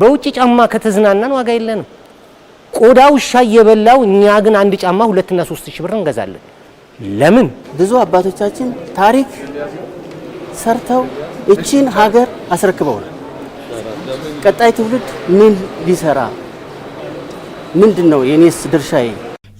በውጭ ጫማ ከተዝናናን ዋጋ የለንም። ቆዳ ውሻ እየበላው እኛ ግን አንድ ጫማ ሁለትና ሶስት ሺህ ብር እንገዛለን። ለምን? ብዙ አባቶቻችን ታሪክ ሰርተው እቺን ሀገር አስረክበውናል። ቀጣይ ትውልድ ምን ሊሰራ ምንድን ነው የኔስ ድርሻዬ?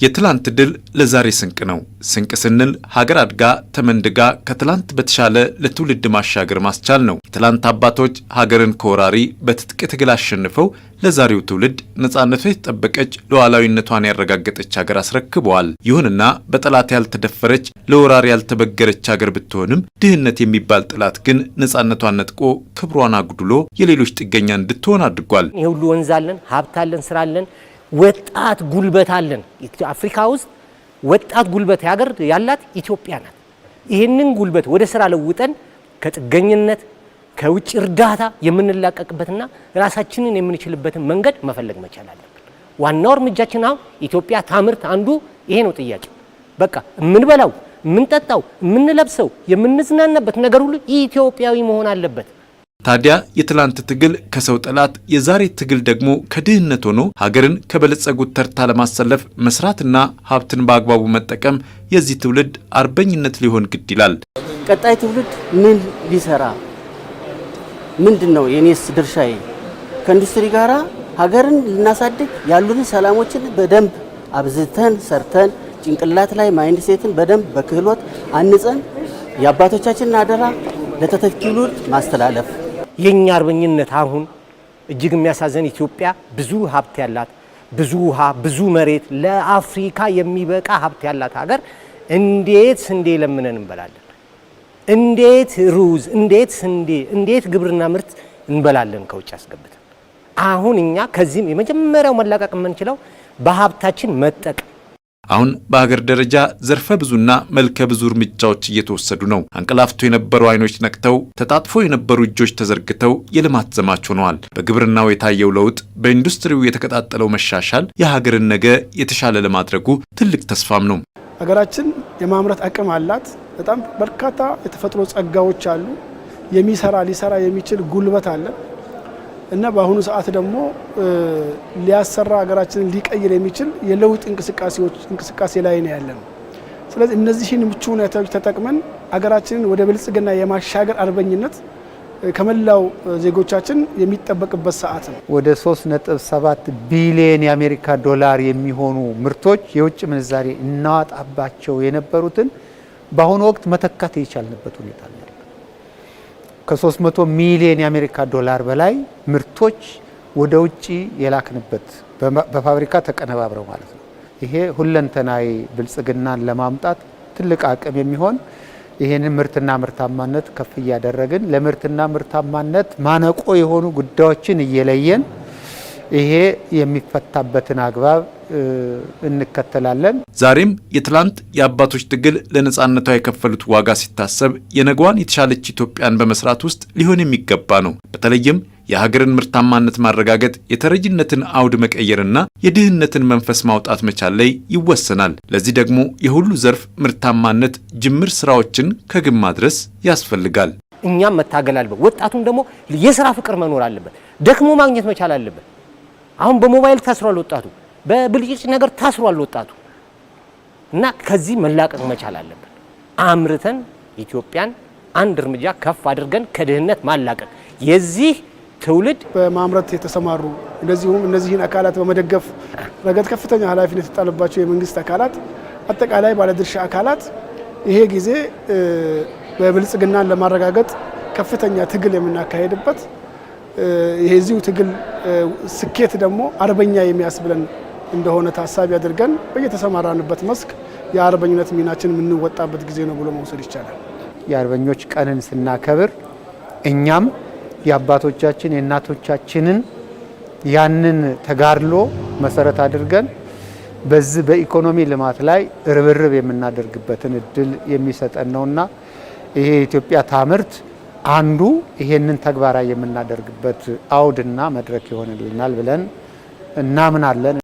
የትላንት ድል ለዛሬ ስንቅ ነው። ስንቅ ስንል ሀገር አድጋ ተመንድጋ ከትላንት በተሻለ ለትውልድ ማሻገር ማስቻል ነው። የትላንት አባቶች ሀገርን ከወራሪ በትጥቅ ትግል አሸንፈው ለዛሬው ትውልድ ነጻነቷ የተጠበቀች ሉዓላዊነቷን ያረጋገጠች ሀገር አስረክበዋል። ይሁንና በጠላት ያልተደፈረች ለወራሪ ያልተበገረች ሀገር ብትሆንም ድህነት የሚባል ጠላት ግን ነጻነቷን ነጥቆ ክብሯን አጉድሎ የሌሎች ጥገኛ እንድትሆን አድርጓል። ይህ ሁሉ ወንዝ አለን፣ ሀብት አለን፣ ስራ አለን ወጣት ጉልበት አለን። አፍሪካ ውስጥ ወጣት ጉልበት ያገር ያላት ኢትዮጵያ ናት። ይህንን ጉልበት ወደ ስራ ለውጠን ከጥገኝነት ከውጭ እርዳታ የምንላቀቅበትና ራሳችንን የምንችልበትን መንገድ መፈለግ መቻል አለብን። ዋናው እርምጃችን አሁን ኢትዮጵያ ታምርት አንዱ ይሄ ነው ጥያቄ። በቃ የምንበላው፣ የምንጠጣው፣ የምንለብሰው፣ የምንዝናናበት ነገር ሁሉ ኢትዮጵያዊ መሆን አለበት። ታዲያ የትላንት ትግል ከሰው ጠላት፣ የዛሬ ትግል ደግሞ ከድህነት ሆኖ ሀገርን ከበለጸጉት ተርታ ለማሰለፍ መስራትና ሀብትን በአግባቡ መጠቀም የዚህ ትውልድ አርበኝነት ሊሆን ግድ ይላል። ቀጣይ ትውልድ ምን ሊሰራ ምንድን ነው የኔስ ድርሻዬ? ከኢንዱስትሪ ጋር ሀገርን ልናሳድግ ያሉትን ሰላሞችን በደንብ አብዝተን ሰርተን ጭንቅላት ላይ ማይንድ ሴትን በደንብ በክህሎት አንጸን የአባቶቻችንን አደራ ለተተኪው ማስተላለፍ የእኛ አርበኝነት አሁን እጅግ የሚያሳዘን ኢትዮጵያ ብዙ ሀብት ያላት ብዙ ውሃ፣ ብዙ መሬት፣ ለአፍሪካ የሚበቃ ሀብት ያላት ሀገር እንዴት ስንዴ ለምነን እንበላለን? እንዴት ሩዝ፣ እንዴት ስንዴ፣ እንዴት ግብርና ምርት እንበላለን ከውጭ አስገብተን? አሁን እኛ ከዚህም የመጀመሪያው መላቀቅ የምንችለው በሀብታችን መጠቀም አሁን በሀገር ደረጃ ዘርፈ ብዙና መልከ ብዙ እርምጃዎች እየተወሰዱ ነው። አንቀላፍቶ የነበሩ አይኖች ነቅተው፣ ተጣጥፎ የነበሩ እጆች ተዘርግተው የልማት ዘማች ሆነዋል። በግብርናው የታየው ለውጥ፣ በኢንዱስትሪው የተቀጣጠለው መሻሻል የሀገርን ነገ የተሻለ ለማድረጉ ትልቅ ተስፋም ነው። ሀገራችን የማምረት አቅም አላት። በጣም በርካታ የተፈጥሮ ጸጋዎች አሉ። የሚሰራ ሊሰራ የሚችል ጉልበት አለ። እና በአሁኑ ሰዓት ደግሞ ሊያሰራ ሀገራችንን ሊቀይር የሚችል የለውጥ እንቅስቃሴዎች እንቅስቃሴ ላይ ነው ያለን። ስለዚህ እነዚህን ምቹ ሁኔታዎች ተጠቅመን ሀገራችንን ወደ ብልጽግና የማሻገር አርበኝነት ከመላው ዜጎቻችን የሚጠበቅበት ሰዓት ነው። ወደ 3.7 ቢሊዮን የአሜሪካ ዶላር የሚሆኑ ምርቶች የውጭ ምንዛሬ እናዋጣባቸው የነበሩትን በአሁኑ ወቅት መተካት የቻልንበት ሁኔታ ነው። ከ300 ሚሊዮን የአሜሪካ ዶላር በላይ ምርቶች ወደ ውጭ የላክንበት በፋብሪካ ተቀነባብረው ማለት ነው። ይሄ ሁለንተናዊ ብልጽግናን ለማምጣት ትልቅ አቅም የሚሆን ይህንን ምርትና ምርታማነት ከፍ እያደረግን ለምርትና ምርታማነት ማነቆ የሆኑ ጉዳዮችን እየለየን ይሄ የሚፈታበትን አግባብ እንከተላለን። ዛሬም የትላንት የአባቶች ትግል ለነጻነቷ የከፈሉት ዋጋ ሲታሰብ የነገዋን የተሻለች ኢትዮጵያን በመስራት ውስጥ ሊሆን የሚገባ ነው። በተለይም የሀገርን ምርታማነት ማረጋገጥ፣ የተረጅነትን አውድ መቀየርና የድህነትን መንፈስ ማውጣት መቻል ላይ ይወሰናል። ለዚህ ደግሞ የሁሉ ዘርፍ ምርታማነት ጅምር ስራዎችን ከግብ ማድረስ ያስፈልጋል። እኛም መታገል አለበት። ወጣቱም ደግሞ የስራ ፍቅር መኖር አለበት። ደክሞ ማግኘት መቻል አለበት። አሁን በሞባይል ታስሯል ወጣቱ፣ በብልጭጭ ነገር ታስሯል ወጣቱ እና ከዚህ መላቀቅ መቻል አለብን። አምርተን ኢትዮጵያን አንድ እርምጃ ከፍ አድርገን ከድህነት ማላቀቅ የዚህ ትውልድ በማምረት የተሰማሩ እንደዚሁም እነዚህን አካላት በመደገፍ ረገድ ከፍተኛ ኃላፊነት የተጣለባቸው የመንግስት አካላት፣ አጠቃላይ ባለድርሻ አካላት ይሄ ጊዜ በብልጽግናን ለማረጋገጥ ከፍተኛ ትግል የምናካሄድበት የዚሁ ትግል ስኬት ደግሞ አርበኛ የሚያስብለን እንደሆነ ታሳቢ አድርገን በየተሰማራንበት መስክ የአርበኝነት ሚናችን የምንወጣበት ጊዜ ነው ብሎ መውሰድ ይቻላል። የአርበኞች ቀንን ስናከብር እኛም የአባቶቻችን የእናቶቻችንን ያንን ተጋድሎ መሰረት አድርገን በዚህ በኢኮኖሚ ልማት ላይ ርብርብ የምናደርግበትን እድል የሚሰጠን ነውና ይሄ የኢትዮጵያ ታምርት አንዱ ይሄንን ተግባራዊ የምናደርግበት አውድና መድረክ ይሆንልናል ብለን እናምናለን።